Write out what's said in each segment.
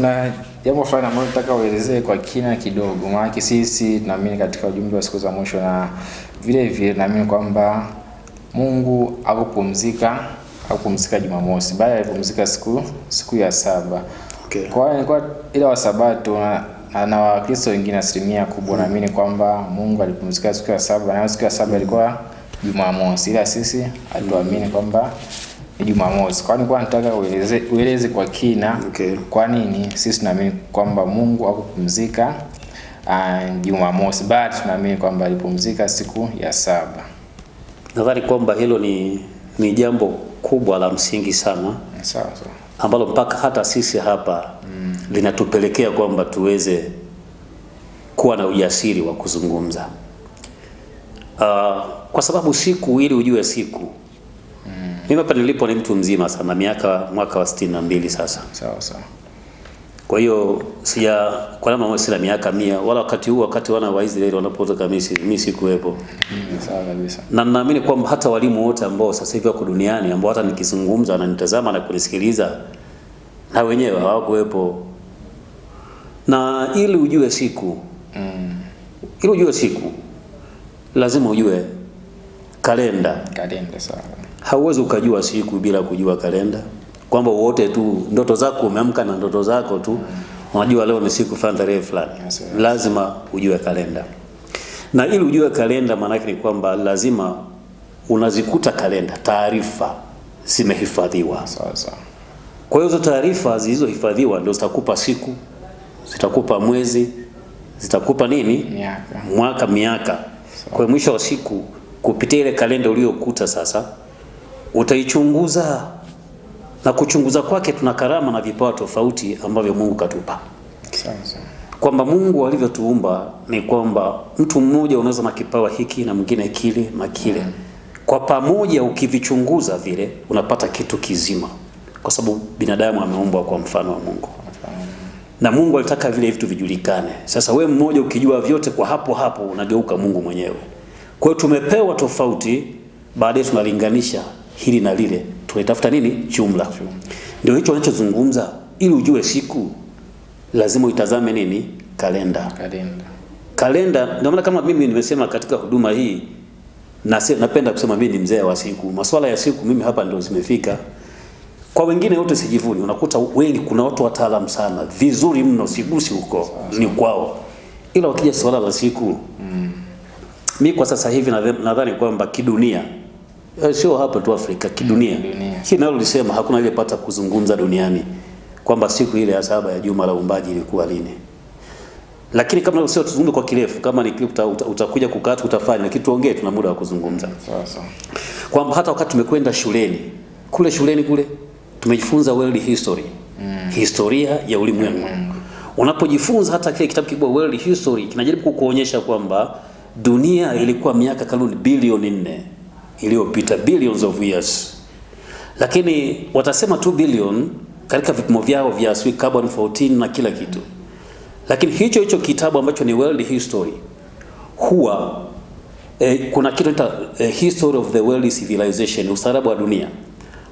kuna jambo fulani ambalo nataka uelezee kwa kina kidogo, maanake sisi tunaamini katika ujumbe wa siku za mwisho, na vile vile tunaamini kwamba Mungu akupumzika akupumzika Jumamosi, bali alipumzika siku siku ya saba. Okay. Kwa hiyo ilikuwa ile wa Sabato na, na Wakristo wengine asilimia kubwa hmm, naamini kwamba Mungu alipumzika siku ya saba na siku ya saba ilikuwa hmm, Jumamosi, ila sisi hatuamini kwamba Jumamosi. Kwani kwa nataka ueleze, ueleze kwa kina okay. Kwa nini sisi tunaamini kwamba Mungu akupumzika ah, Jumamosi bali tunaamini kwamba alipumzika siku ya saba? Nadhani kwamba hilo ni, ni jambo kubwa la msingi sana sawa sawa, ambalo mpaka hata sisi hapa mm. linatupelekea kwamba tuweze kuwa na ujasiri wa kuzungumza uh, kwa sababu siku, ili ujue siku mimi hapa nilipo ni mtu mzima sana, miaka mwaka wa sitini na mbili sasa. Sawa sawa. Kwa hiyo sija kwa namna sina miaka mia wala wakati huu wakati wana wa Israeli wanapotoka Misri mimi sikuwepo. Mm, sawa kabisa. Na naamini kwamba hata walimu wote ambao sasa hivi wako duniani ambao hata nikizungumza wananitazama na kunisikiliza na wenyewe hawakuwepo. Na ili ujue siku mm. Ili ujue siku lazima ujue kalenda. Kalenda sawa. Hauwezi ukajua siku bila kujua kalenda, kwamba wote tu ndoto zako, umeamka na ndoto zako tu, unajua leo ni siku fulani, tarehe fulani. Lazima ujue kalenda, na ili ujue kalenda, maana yake ni kwamba lazima unazikuta kalenda, taarifa zimehifadhiwa. sasa. Kwa hiyo hizo taarifa zilizohifadhiwa ndio zitakupa siku, zitakupa mwezi, zitakupa nini, miaka, mwaka, miaka. Kwa mwisho wa siku kupitia ile kalenda uliyokuta sasa utaichunguza na kuchunguza kwake, tuna karama na vipawa tofauti ambavyo Mungu katupa. Sasa, Kwamba Mungu alivyotuumba ni kwamba mtu mmoja unaweza na kipawa hiki na mwingine kile na kile, mm. kwa pamoja ukivichunguza vile unapata kitu kizima, kwa sababu binadamu ameumbwa kwa mfano wa Mungu na Mungu alitaka vile vitu vijulikane. Sasa we mmoja ukijua vyote kwa hapo hapo unageuka Mungu mwenyewe. Kwa hiyo tumepewa tofauti, baadaye tunalinganisha hili na lile, tunaitafuta nini? Jumla. Ndio hicho anachozungumza, ili ujue siku lazima uitazame nini? Kalenda, kalenda, kalenda. Ndio maana kama mimi nimesema katika huduma hii na napenda kusema mimi ni mzee wa siku. Masuala ya siku mimi hapa ndio zimefika. Kwa wengine wote sijivuni, unakuta wengi, kuna watu wataalamu sana vizuri mno, sigusi huko ni kwao, ila wakija swala la siku mm. Mimi kwa sasa hivi nadhani kwamba kidunia Eh, sio hapa tu Afrika, kidunia. Hili nalo lisema hakuna aliyepata kuzungumza duniani kwamba siku ile ya saba ya juma la uumbaji ilikuwa lini. Lakini kama sio tuzungumze kwa kirefu, kama ni clip utakuja kukata utafanya, lakini tuongee, tuna muda wa kuzungumza. Sawa kwamba hata wakati tumekwenda shuleni kule, shuleni kule tumejifunza world history, mm. historia ya ulimwengu. mm. Unapojifunza hata kile kitabu kikubwa world history kinajaribu kukuonyesha kwamba dunia ilikuwa miaka karibu bilioni nne iliyopita billions of years, lakini watasema 2 billion katika vipimo vyao vya swi carbon 14 na kila kitu, lakini hicho hicho kitabu ambacho ni world history huwa eh, kuna kitu ita, eh, history of the world civilization, ustaarabu wa dunia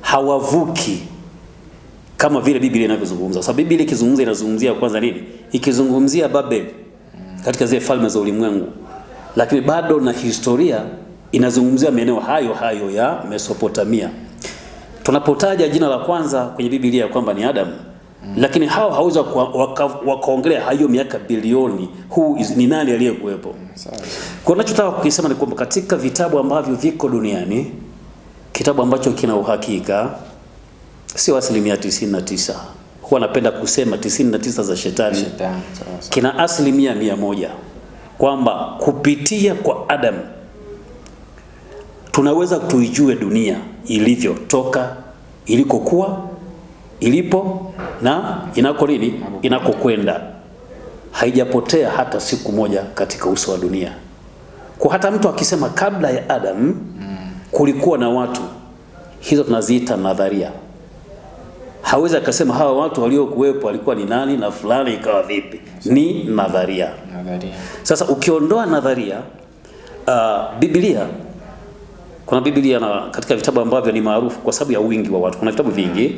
hawavuki kama vile Biblia inavyozungumza. Sababu Biblia ikizungumza inazungumzia kwanza nini? Ikizungumzia Babel katika zile falme za ulimwengu, lakini bado na historia inazungumzia maeneo hayo hayo ya Mesopotamia. Tunapotaja jina la kwanza kwenye Biblia kwamba ni Adamu mm. lakini hao haweza wakaongelea waka hayo miaka bilioni, who is ni nani aliyekuwepo? mm, kwa ninachotaka kukisema ni kwamba katika vitabu ambavyo viko duniani, kitabu ambacho kina uhakika sio asilimia 99 huwa napenda kusema 99 za shetani, shetani kina asilimia mia moja kwamba kupitia kwa Adamu tunaweza tuijue dunia ilivyotoka, ilikokuwa, ilipo na inako nini, inakokwenda. Haijapotea hata siku moja katika uso wa dunia. Kwa hata mtu akisema kabla ya Adam kulikuwa na watu, hizo tunaziita nadharia. Hawezi akasema hawa watu waliokuwepo walikuwa ni nani na fulani ikawa vipi. Ni nadharia, nadharia. Sasa ukiondoa nadharia, uh, Biblia kuna Biblia na katika vitabu ambavyo ni maarufu kwa sababu ya wingi wa watu, kuna vitabu vingi,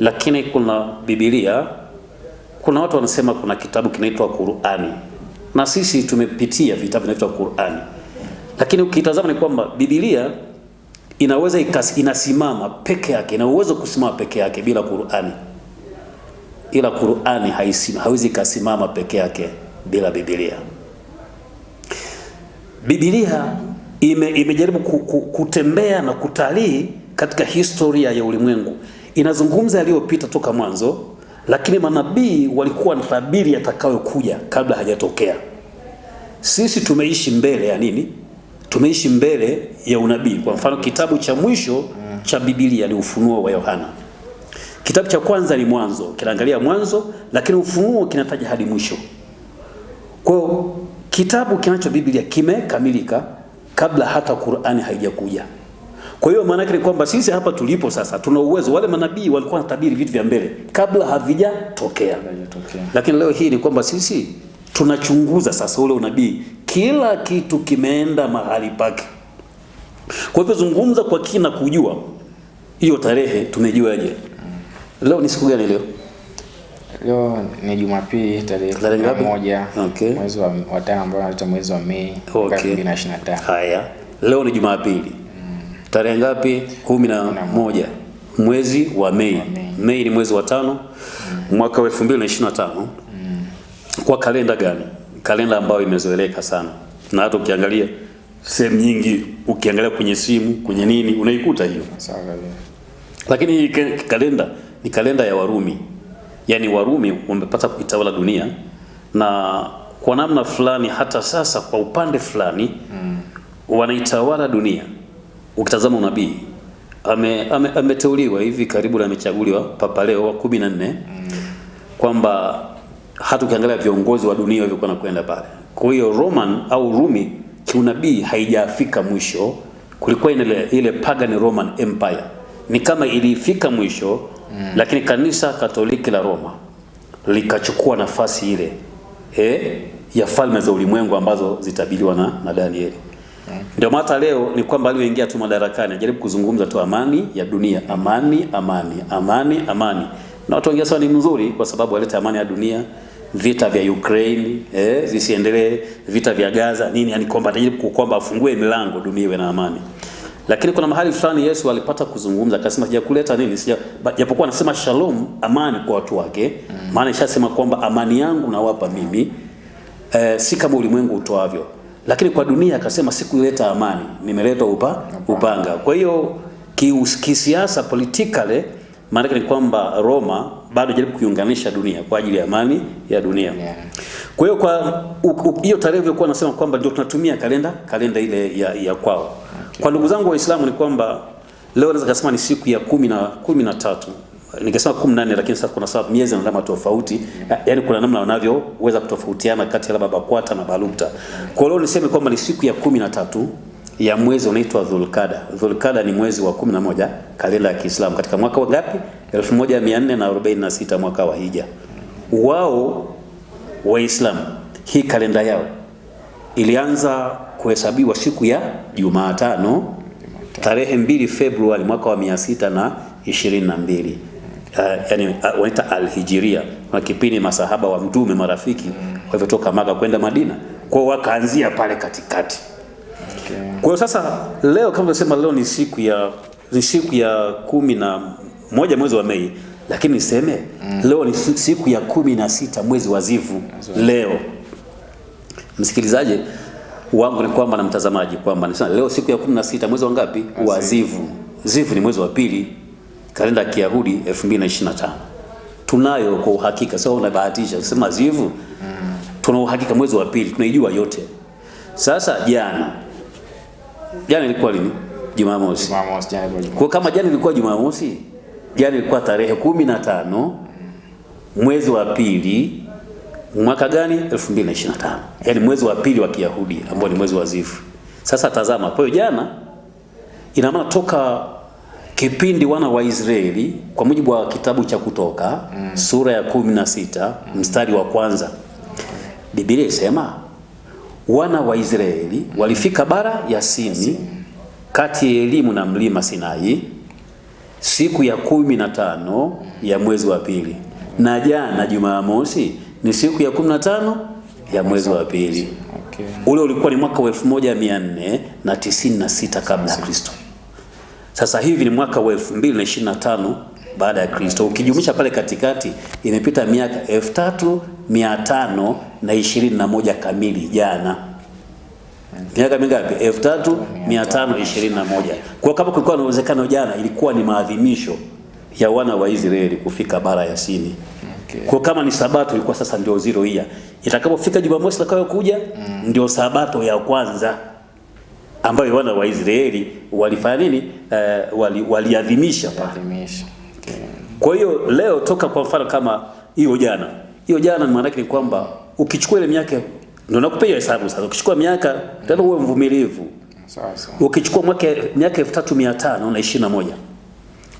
lakini kuna Biblia. Kuna watu wanasema kuna kitabu kinaitwa Qur'ani, na sisi tumepitia vitabu vinaitwa Qur'ani, lakini ukitazama ni kwamba Biblia inaweza ikas, inasimama peke yake, ina uwezo kusimama peke yake bila Qur'ani, ila Qur'ani hawezi ikasimama peke yake bila Biblia. Biblia ime, imejaribu kutembea na kutalii katika historia ya ulimwengu, inazungumza yaliyopita toka mwanzo, lakini manabii walikuwa tabiri yatakayokuja kabla hajatokea. Sisi tumeishi mbele ya nini? Tumeishi mbele ya unabii. Kwa mfano, kitabu cha mwisho cha Biblia ni Ufunuo wa Yohana. Kitabu cha kwanza ni Mwanzo, kinaangalia mwanzo, lakini Ufunuo kinataja hadi mwisho. Kwa hiyo kitabu kinacho Biblia kimekamilika kabla hata Qur'ani haijakuja. Kwa hiyo maana yake kwamba sisi hapa tulipo sasa tuna uwezo. Wale manabii walikuwa wanatabiri vitu vya mbele kabla havijatokea, lakini leo hii ni kwamba sisi tunachunguza sasa ule unabii, kila kitu kimeenda mahali pake. Kwa hivyo zungumza kwa kina kujua hiyo tarehe tumejuaje? Leo ni siku gani leo? Leo ni Jumapili tarehe moja okay. mwezi wa watano ambao unaitwa mwezi wa Mei okay. 2025. Haya, leo ni Jumapili mm. tarehe ngapi? kumi na moja mwezi wa Mei. Mei ni mwezi wa tano mm. mwaka wa 2025 mm. kwa kalenda gani? Kalenda ambayo imezoeleka sana na hata ukiangalia sehemu nyingi, ukiangalia kwenye simu kwenye nini unaikuta hiyo, lakini hii kalenda ni kalenda ya Warumi yani Warumi wamepata kuitawala dunia na kwa namna fulani hata sasa kwa upande fulani mm. wanaitawala dunia. Ukitazama unabii ameteuliwa ame, ame hivi karibu amechaguliwa Papa Leo wa kumi na nne mm. kwamba hata ukiangalia viongozi wa dunia walivyokuwa nakwenda pale. Kwa hiyo Roman au Rumi kiunabii haijafika mwisho, kulikuwa ile, ile pagan Roman Empire ni kama ilifika mwisho mm. Lakini kanisa Katoliki la Roma likachukua nafasi ile eh, ya falme za ulimwengu ambazo zitabiliwa na, na Danieli okay. Ndio maana leo ni kwamba alivyoingia tu madarakani ajaribu kuzungumza tu amani ya dunia, amani amani amani amani, na watu wengi ni mzuri kwa sababu aleta amani ya dunia vita vya Ukraine eh, zisiendelee, vita vya Gaza nini, yani kwamba atajaribu kukwamba afungue milango dunia iwe na amani. Lakini kuna mahali fulani Yesu alipata kuzungumza akasema, sijakuleta nini, sija japokuwa anasema shalom, amani kwa watu wake mm. maana ishasema kwamba amani yangu nawapa mimi e, si kama ulimwengu utoavyo, lakini kwa dunia akasema sikuleta amani, nimeleta upa, upanga. Kwa hiyo kisiasa politically, maana ni kwamba Roma bado jaribu kuiunganisha dunia kwa ajili ya amani ya dunia. Yeah. Kwa hiyo kwa hiyo tarehe ilikuwa nasema kwamba ndio tunatumia kalenda kalenda ile ya, ya kwao. Kwa ndugu zangu Waislamu ni kwamba leo naweza kusema ni siku ya kumi na kumi na tatu nikasema 18 lakini sasa kuna sababu miezi na alama tofauti, yaani kuna namna wanavyoweza kutofautiana kati ya BAKWATA na BALUKTA. Kwa leo niseme kwamba ni siku ya kumi na tatu ya mwezi unaitwa Dhulkada. Dhulkada ni mwezi wa 11 kalenda ya Kiislamu katika mwaka wa ngapi? 1446 mwaka wa Hija. Wao Waislamu hii kalenda yao ilianza kuhesabiwa siku ya Jumatano tarehe 2 Februari mwaka wa 622 Uh, ah, yani, uh, wanaita alhijiria na kipindi masahaba wa mtume marafiki walivyotoka Maka kwenda Madina, kwao wakaanzia pale katikati. Okay. Kwa hiyo sasa leo kama tunasema leo ni siku ya ni siku ya kumi na moja mwezi wa Mei, lakini niseme mm. leo ni siku ya kumi na sita mwezi wa Zivu leo, msikilizaji wangu ni kwamba na mtazamaji kwamba leo siku ya 16 mwezi wa ngapi ah, wa Zivu. Zivu ni mwezi wa pili kalenda ya Kiyahudi 2025. Tunayo kwa uhakika, sio unabahatisha sema Zivu. Mm. Tuna uhakika mwezi wa pili tunaijua yote. Sasa jana jana ilikuwa lini? Jumamosi. Jumamosi jana ilikuwa Kwa kama jana ilikuwa Jumamosi, jana ilikuwa tarehe 15 mm. mwezi wa pili mwaka gani? 2025, yani mwezi wa pili wa Kiyahudi ambao ni mwezi wa zifu Sasa tazama, kwa hiyo jana, ina maana toka kipindi wana wa Israeli kwa mujibu wa kitabu cha Kutoka mm. sura ya kumi na sita mm. mstari wa kwanza Biblia isema wana wa Israeli mm. walifika bara ya Sini kati ya Elimu na mlima Sinai siku ya kumi na tano mm. ya mwezi wa pili, na jana Jumamosi ni siku ya 15 ya mwezi wa pili. Okay. Ule ulikuwa ni mwaka wa 1496 kabla ya Kristo. Sasa hivi ni mwaka wa 2025 baada ya Kristo. Ukijumlisha pale katikati imepita miaka na moja kamili jana. Miaka mingapi? 3521. Kwa kama kulikuwa na uwezekano jana ilikuwa ni maadhimisho ya wana wa Israeli kufika bara ya Sinai. Okay. Kwa kama ni sabato ilikuwa sasa ndio zero year. Itakapofika Jumamosi kuja mm. ndio sabato ya kwanza ambayo wana wa Israeli walifanya nini? Uh, waliadhimisha wali pale. Okay. Kwa hiyo leo toka kwa mfano kama hiyo jana. Hiyo jana maana yake ni kwamba ukichukua ile miaka ndio nakupiga hesabu sasa. Ukichukua miaka tena uwe mvumilivu. Sawa sawa. Ukichukua mwaka miaka 3521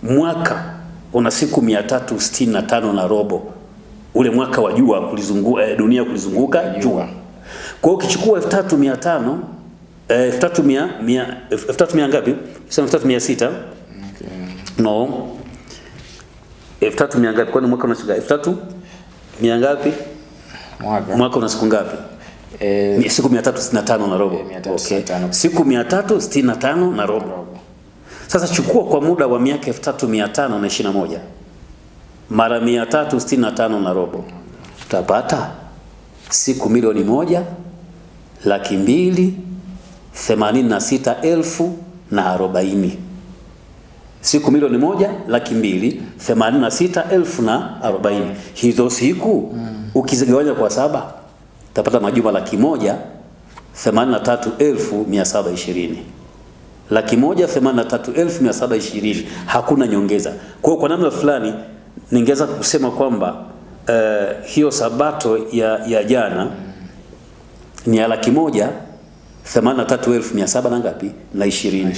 mwaka una siku 365 na robo, ule mwaka wa jua kulizunguka eh, dunia kulizunguka jua. Kwa hiyo ukichukua 3500 eh, 3500 ngapi? Sasa 3600 no 3000 ngapi? Kwani mwaka una siku ngapi? ngapi? Mwaka mwaka una siku ngapi? Eh, siku 365 na robo. Eh, okay. Siku 365 na robo. Sasa chukua kwa muda wa miaka na moja mara 365 na robo, utapata siku milioni moja laki mbili themanini na sita elfu na arobaini siku milioni moja laki mbili themanini na sita elfu na arobaini Hizo siku mm, ukizigawanya kwa saba utapata majuma laki moja themanini na tatu elfu mia saba ishirini laki moja themanini na tatu elfu mia saba ishirini. Hakuna nyongeza. Kwa hiyo kwa namna fulani ningeweza kusema kwamba uh, hiyo sabato ya, ya jana ni ya laki moja themanini na tatu elfu mia saba na ngapi na ishirini.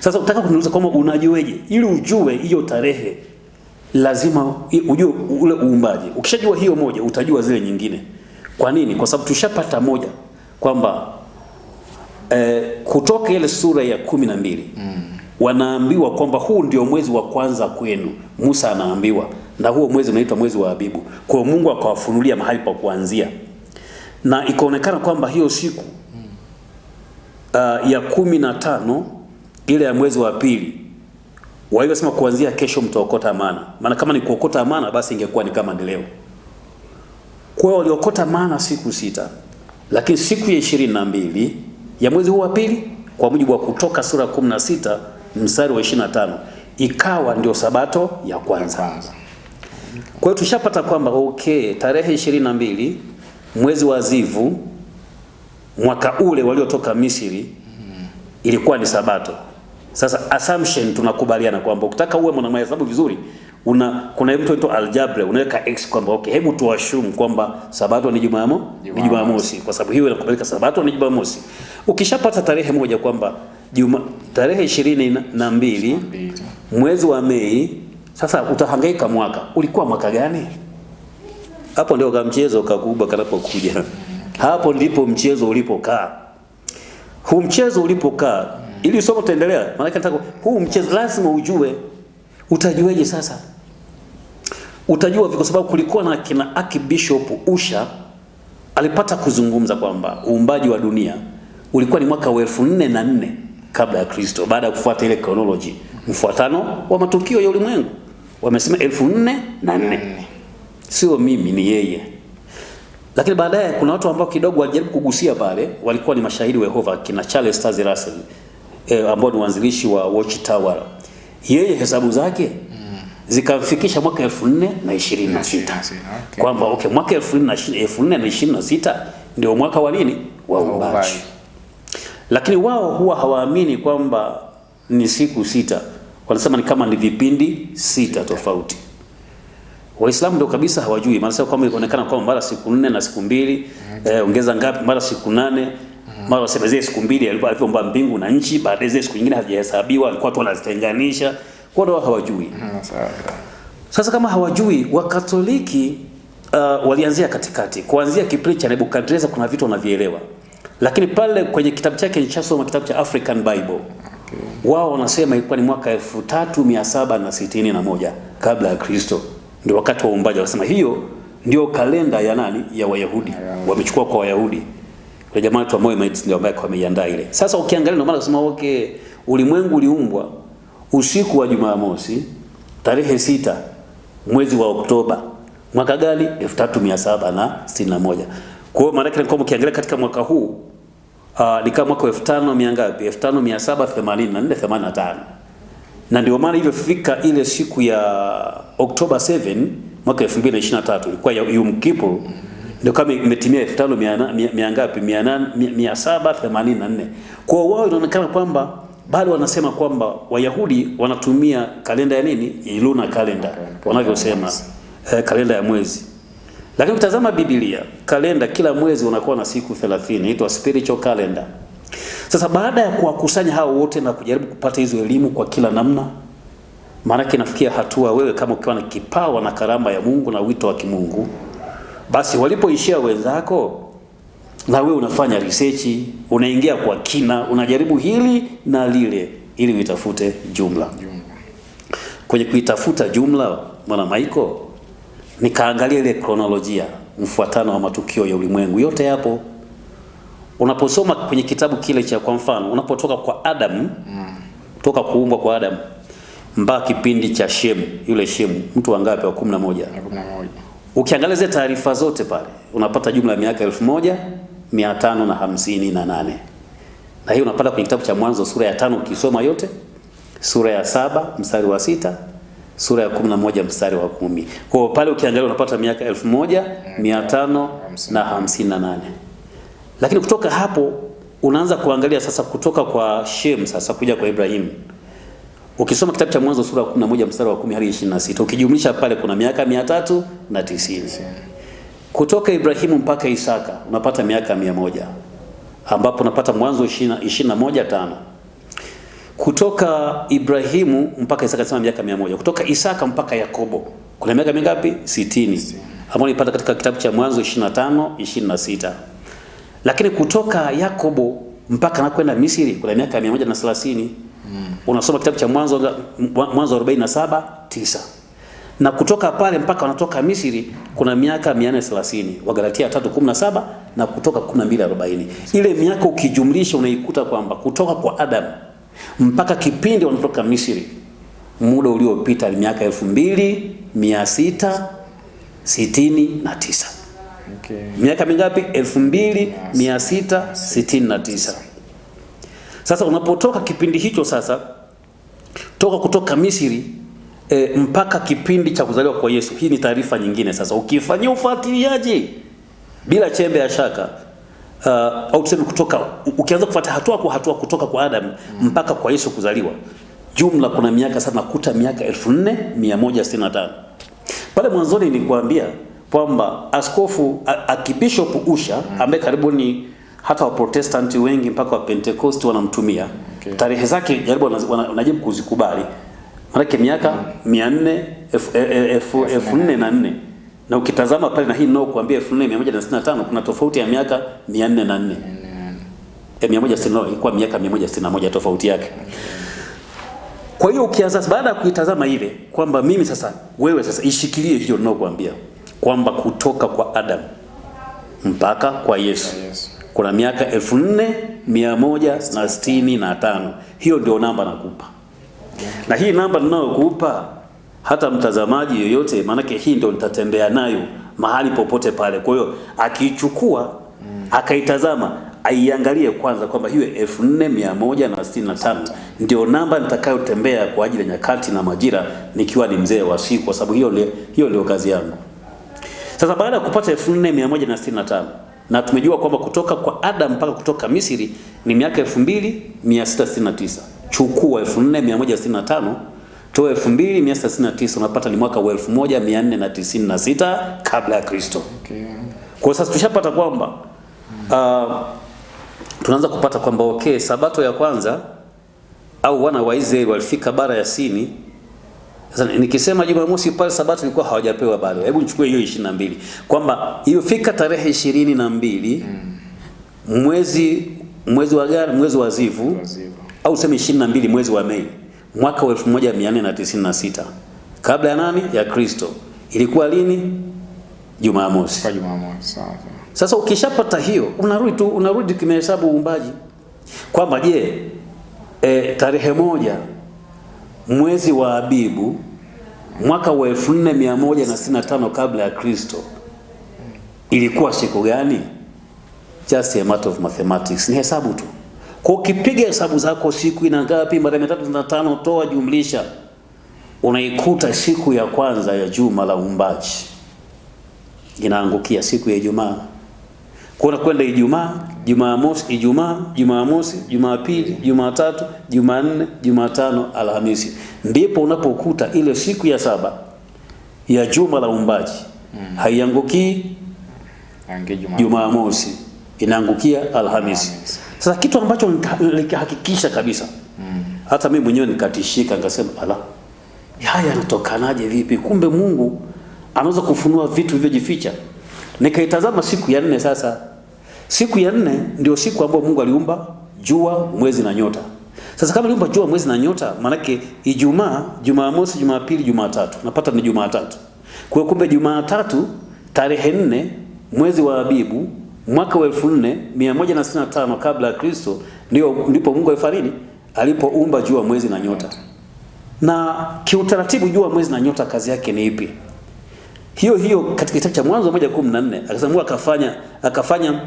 Sasa utaka kuniuliza kwamba unajueje? Ili ujue hiyo tarehe lazima ujue ule uumbaji. Ukishajua hiyo moja, utajua zile nyingine. Kwa nini? Kwa sababu tushapata moja kwamba eh, kutoka ile sura ya kumi na mbili mm. wanaambiwa kwamba huu ndio mwezi wa kwanza kwenu. Musa anaambiwa na huo mwezi unaitwa mwezi wa Abibu. Kwa Mungu akawafunulia mahali pa kuanzia, na ikaonekana kwamba hiyo siku mm. uh, ya kumi na tano ile ya mwezi wa pili waliosema kuanzia kesho mtaokota amana. Maana kama ni kuokota amana, basi ingekuwa ni kama ni leo. Kwa hiyo waliokota amana siku sita, lakini siku ya ishirini na mbili ya mwezi huu wa pili kwa mujibu wa Kutoka sura 16 mstari wa 25, ikawa ndio sabato ya kwanza. Kwa hiyo tushapata kwamba okay, tarehe 22 mwezi wa Zivu mwaka ule waliotoka Misri ilikuwa ni sabato. Sasa assumption tunakubaliana kwamba ukitaka uwe mwana mahesabu vizuri una kuna mtu anaitwa algebra, unaweka x kwamba okay, hebu tuashumu kwamba sabato ni jumamo ni Jumamosi, kwa sababu hiyo inakubalika sabato ni Jumamosi. Ukishapata tarehe moja kwamba juma tarehe ishirini na mbili mwezi wa Mei, sasa utahangaika mwaka ulikuwa mwaka gani? Hapo ndio kama mchezo kakubwa kanapokuja, hapo ndipo mchezo ulipokaa. Huu mchezo ulipokaa, ili somo tutaendelea, maana nataka huu mchezo lazima ujue, utajueje sasa utajua kwa sababu kulikuwa na kina Archbishop Usha alipata kuzungumza kwamba uumbaji wa dunia ulikuwa ni mwaka wa elfu nne na nne kabla ya Kristo, baada ya kufuata ile chronology, mfuatano wa matukio ya ulimwengu. Wamesema elfu nne na nne, sio mimi, ni yeye. Lakini baadaye kuna watu ambao kidogo walijaribu kugusia pale, walikuwa ni mashahidi wa Yehova, kina Charles Taze Russell eh, ambao ni wanzilishi wa Watchtower. Yeye hesabu zake zikamfikisha mwaka 2026 okay. kwamba okay, mwaka 2026 ndio mwaka wa nini wa uumbaji, lakini wao huwa hawaamini kwamba ni siku sita, wanasema ni kama ni vipindi sita tofauti. Waislamu ndio kabisa hawajui, maana sasa kwamba inaonekana kwamba mara siku nne na siku mbili okay. Mm-hmm. eh, ongeza ngapi, mara siku nane mm-hmm. mara wasemezee siku mbili alipoomba mbingu na nchi, baadaye zile siku nyingine hazijahesabiwa, alikuwa tu anazitenganisha wao wao hawajui. Mhm, Sasa kama hawajui Wakatoliki uh, walianzia katikati, kuanzia kipindi cha Nebukadreza kuna vitu wanavielewa, lakini pale kwenye kitabu chake nilichosoma kitabu cha African Bible okay. Wao wanasema ilikuwa ni mwaka 3761 kabla ya Kristo, ndio wakati wa uumbaji. Wanasema hiyo ndio kalenda ya nani, ya Wayahudi yeah. Wamechukua kwa Wayahudi kwa jamaa tu ndio ambao wameiandaa ile. Sasa ukiangalia, ndio maana nasema okay, ulimwengu uliumbwa usiku wa Jumamosi tarehe sita mwezi wa Oktoba mwaka gani? 3761. Kwa hiyo maana yake ni kwamba katika mwaka huu uh, ni kama mwaka 1500 ngapi? 5784 85. Na ndio maana ilivyofika ile siku ya Oktoba 7 mwaka 2023 ilikuwa ya Yom Kippur ndio kama imetimia 1500 ngapi? 784. Kwa hiyo wao inaonekana kwamba bado wanasema kwamba Wayahudi wanatumia kalenda ya nini, iluna kalenda wanavyosema eh, kalenda ya mwezi. Lakini ukitazama Biblia, kalenda kila mwezi unakuwa na siku 30, inaitwa spiritual calendar. Sasa baada ya kuwakusanya hao wote na kujaribu kupata hizo elimu kwa kila namna, maanake inafikia hatua wewe kama ukiwa na kipawa na karama ya Mungu na wito wa kimungu, basi walipoishia wenzako na wewe unafanya research, unaingia kwa kina, unajaribu hili na lile ili uitafute jumla. Kwenye kuitafuta jumla, mwana Maiko, nikaangalia ile kronolojia, mfuatano wa matukio ya ulimwengu yote yapo. Unaposoma kwenye kitabu kile cha, kwa mfano, unapotoka kwa Adam mm. toka kuumbwa kwa Adam mpaka kipindi cha Shemu, yule Shemu mtu wa ngapi? Wa 11 11. Ukiangalia taarifa zote pale unapata jumla ya miaka elfu moja mia tano na hamsini na nane na hiyo unapata kwenye kitabu cha Mwanzo sura ya tano ukisoma yote, sura ya saba mstari wa sita sura ya kumi na moja mstari wa kumi Kwa hiyo pale ukiangalia unapata miaka elfu moja mia tano na hamsini na nane Lakini kutoka hapo unaanza kuangalia sasa, kutoka kwa Shem sasa kuja kwa Ibrahim. Ukisoma kitabu cha Mwanzo sura ya 11 mstari wa 10 hadi 26, ukijumlisha pale kuna miaka mia tatu na tisini kutoka Ibrahimu mpaka Isaka unapata miaka mia moja ambapo unapata Mwanzo ishirini na moja tano kutoka Ibrahimu mpaka Isaka sema miaka mia moja kutoka Isaka mpaka Yakobo kuna miaka mingapi? sitini ambayo nipata katika kitabu cha Mwanzo 25 26. Lakini kutoka Yakobo mpaka nakwenda Misri kuna miaka mia moja na thelathini. Mm. Unasoma kitabu cha Mwanzo Mwanzo 47 9 na kutoka pale mpaka wanatoka Misri kuna miaka 430, Wagalatia 3:17 na Kutoka 12:40. Ile miaka ukijumlisha unaikuta kwamba kutoka kwa Adam mpaka kipindi wanatoka Misri, muda uliopita ni miaka 2669. Okay. Miaka mingapi? 2669. Sasa unapotoka kipindi hicho sasa toka kutoka Misri e, mpaka kipindi cha kuzaliwa kwa Yesu. Hii ni taarifa nyingine. Sasa ukifanyia ufuatiliaji bila chembe ya shaka uh, au tuseme kutoka ukianza kufuata hatua kwa hatua kutoka kwa Adam mpaka kwa Yesu kuzaliwa, jumla kuna miaka sana kuta miaka 4165 pale mwanzoni nilikuambia kwamba askofu akibishop Usha ambaye karibu ni hata Waprotestanti wengi mpaka wa Pentecost wanamtumia okay. Tarehe zake jaribu wanajibu kuzikubali. Maanake miaka mia nne e, e, elfu nne na nne na ukitazama pale na hii nao kuambia na na tano kuna tofauti ya miaka na nne E, 160 ilikuwa miaka na moja tofauti yake. Kwa hiyo ukianza baada ya kuitazama ile kwamba mimi sasa wewe sasa ishikilie hiyo nao kuambia kwamba kutoka kwa Adam mpaka kwa Yesu kuna miaka na na tano Hiyo ndio namba nakupa. Na hii namba ninayokupa hata mtazamaji yoyote, maanake hii ndio nitatembea nayo mahali popote pale. Kwa hiyo akiichukua akaitazama aiangalie kwanza kwamba hiyo 4165 ndio namba nitakayotembea kwa ajili ya nyakati na majira nikiwa ni mzee wa siku, kwa sababu hiyo hiyo ndio kazi yangu. Sasa baada ya kupata 4165 na tumejua kwamba kutoka kwa Adam mpaka kutoka Misri ni miaka 2669 chukua 4165 toa 2169 unapata ni mwaka wa 1496 kabla ya Kristo. Okay. Kwa sasa tushapata kwamba uh, tunaanza kupata kwamba okay, sabato ya kwanza au wana wa Israeli walifika bara ya Sini. Sasa nikisema Jumamosi pale sabato ilikuwa hawajapewa bado. Hebu nichukue hiyo 22 kwamba hiyo fika tarehe 22 mm. mwezi mwezi wa gari mwezi wa Zivu, Wazivu au useme 22 mwezi wa Mei mwaka wa 1496 kabla ya nani? Ya Kristo. Ilikuwa lini? Jumamosi. Kwa Jumamosi. Sawa. Sasa ukishapata hiyo, unarudi tu unarudi kimehesabu uumbaji kwamba je, e, tarehe moja mwezi wa Abibu mwaka wa 1465 kabla ya Kristo ilikuwa siku gani? Just a matter of mathematics, ni hesabu tu. Kwa ukipiga hesabu zako siku ina ngapi mara 365 toa jumlisha, unaikuta siku ya kwanza ya juma la uumbaji inaangukia siku ya Ijumaa. Kuna kwenda Ijumaa, Jumamosi, Ijumaa, Jumamosi, Jumapili, Jumatatu, Jumanne, Jumatano, Alhamisi, ndipo unapokuta ile siku ya saba ya juma la uumbaji mm. haiangukii Jumamosi, inaangukia Alhamisi. Sasa kitu ambacho nikahakikisha kabisa mm. hata mimi mwenyewe nikatishika, nikasema ala, haya yanatokanaje vipi? Kumbe Mungu anaweza kufunua vitu vilivyojificha. Nikaitazama siku ya nne. Sasa siku ya nne ndio siku ambayo Mungu aliumba jua, mwezi na nyota. Sasa kama aliumba jua, mwezi na nyota, maanake Ijumaa, Jumamosi, Jumapili, Jumatatu, napata ni Jumatatu. Kwa hiyo kumbe Jumatatu tarehe nne mwezi wa Abibu mwaka wa 4165 kabla ya Kristo ndio ndipo Mungu alifariki alipoumba jua, mwezi na nyota. Na kiutaratibu jua, mwezi na nyota kazi yake ni ipi? Hiyo hiyo katika kitabu cha Mwanzo moja 1:14 akasema Mungu akafanya akafanya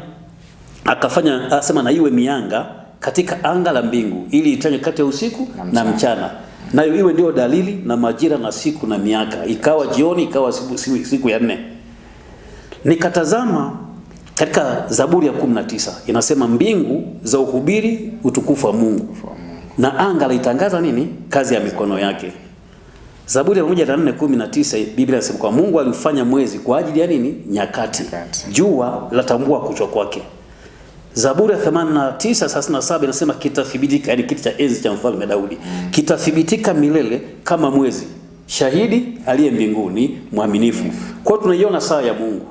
akafanya asema na iwe mianga katika anga la mbingu ili itanye kati ya usiku na mchana, na mchana. iwe ndio dalili na majira na siku na miaka. Ikawa jioni, ikawa siku, siku, siku ya nne. Nikatazama katika Zaburi ya 19 inasema mbingu za uhubiri utukufu wa Mungu na anga laitangaza nini? Kazi ya mikono yake. Zaburi ya 104:19 Biblia inasema kwa Mungu aliufanya mwezi kwa ajili ya nini? Nyakati. Jua latambua kuchwa kwake. Zaburi ya 89:37 inasema kitathibitika, yani kiti cha enzi cha mfalme Daudi mm. kitathibitika milele kama mwezi, shahidi aliye mbinguni, mwaminifu. Kwa tunaiona saa ya Mungu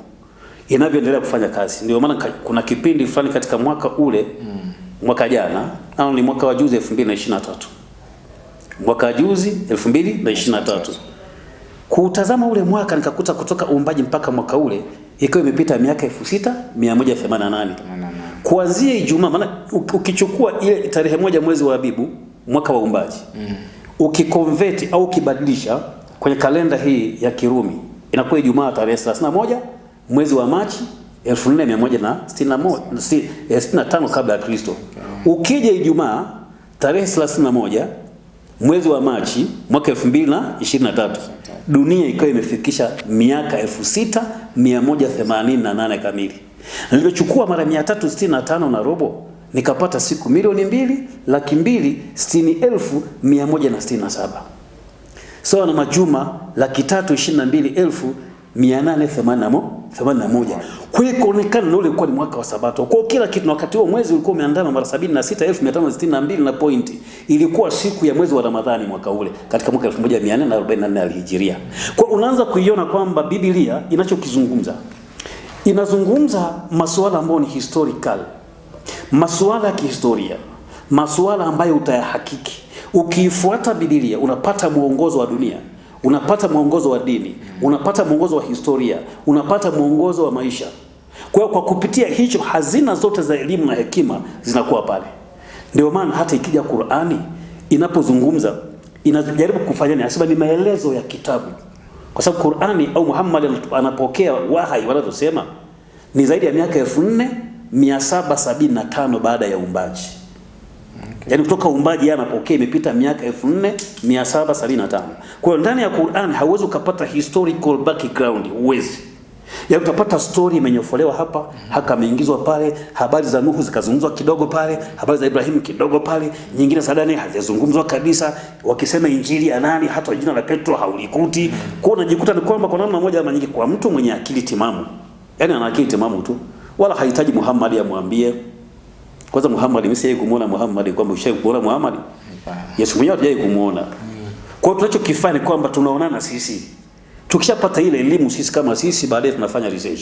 inavyoendelea kufanya kazi. Ndio maana kuna kipindi fulani katika mwaka ule mm. mwaka jana au ni mwaka wa juzi 2023 mwaka wa juzi 2023 kutazama ule mwaka nikakuta kutoka uumbaji mpaka mwaka ule ikiwa imepita miaka 6188 kuanzia Ijumaa. Maana ukichukua ile tarehe moja mwezi wa Habibu mwaka wa uumbaji mm. ukikonvert au ukibadilisha kwenye kalenda hii ya Kirumi inakuwa Ijumaa tarehe 31 mwezi wa Machi 1465 eh, kabla ya Kristo. Ukija Ijumaa tarehe 31 mwezi wa Machi mwaka 2023 dunia ikawa imefikisha miaka 6188 kamili. Nilivyochukua mara 365 na robo nikapata siku milioni mbili laki mbili sitini elfu mia moja na sitini na saba sawa na majuma laki tatu ishirini na mbili elfu 881 kwa hiyo ikaonekana na ule ulikuwa ni mwaka wa Sabato. Kwa kila kitu na wakati huo mwezi ulikuwa umeandama mara 76562 na pointi ilikuwa siku ya mwezi wa Ramadhani mwaka ule katika mwaka 1444 Alhijiria. Kwa unaanza kuiona kwamba Biblia inachokizungumza inazungumza masuala ambayo ni historical, masuala ya kihistoria, masuala ambayo utayahakiki. Ukiifuata Biblia unapata mwongozo wa dunia unapata mwongozo wa dini, mm. unapata mwongozo wa historia, unapata mwongozo wa maisha. Kwa hiyo kwa kupitia hicho hazina zote za elimu na hekima zinakuwa pale. Ndio maana hata ikija Qur'ani inapozungumza inajaribu kufanya ni asema ni maelezo ya kitabu, kwa sababu Qur'ani au Muhammad anapokea wahai wanavyosema ni zaidi ya miaka elfu nne mia saba sabini na tano baada ya uumbaji yani kutoka uumbaji anapokea imepita miaka 4775. Kwa hiyo ndani ya Qur'an hauwezi ukapata historical background, uwezi ya utapata story imenyofolewa hapa, haka ameingizwa pale, habari za Nuhu zikazungumzwa kidogo pale, habari za Ibrahim kidogo pale, nyingine sadani hazizungumzwa kabisa, wakisema injili ya nani hata jina la Petro haulikuti. Kwa unajikuta ni kwamba kwa namna moja ama nyingine kwa mtu mwenye akili timamu. yani ana akili timamu tu. Wala hahitaji Muhammad amwambie kwanza Muhammad, mimi sijawahi kumuona Muhammad, kwamba ushawahi kumuona Muhammad? Yesu mwenyewe hajawahi kumuona. Mm. Kwa hiyo tunachokifanya ni kwamba tunaonana sisi. Tukishapata ile elimu sisi kama sisi, baadaye tunafanya research.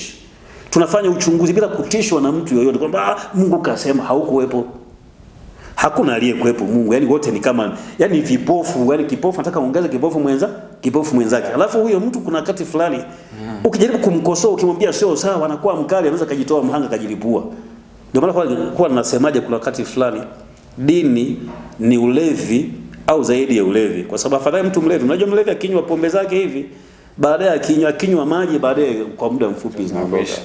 Tunafanya uchunguzi bila kutishwa na mtu yoyote kwamba ah, Mungu kasema, haukuwepo. Hakuna aliyekuwepo Mungu. Yaani wote ni kama yaani vipofu, yaani kipofu nataka ongeza kipofu mwenza, kipofu mwenzake. Alafu huyo mtu kuna wakati fulani mm. ukijaribu kumkosoa ukimwambia sio sawa, anakuwa mkali, anaweza kujitoa mhanga kajilipua. Ndio maana kwa nasemaje, kuna wakati fulani dini ni ulevi au zaidi ya ulevi, kwa sababu afadhali mtu mlevi. Unajua mlevi akinywa pombe zake hivi, baadaye akinywa akinywa maji, baadaye kwa muda mfupi zinaondoka.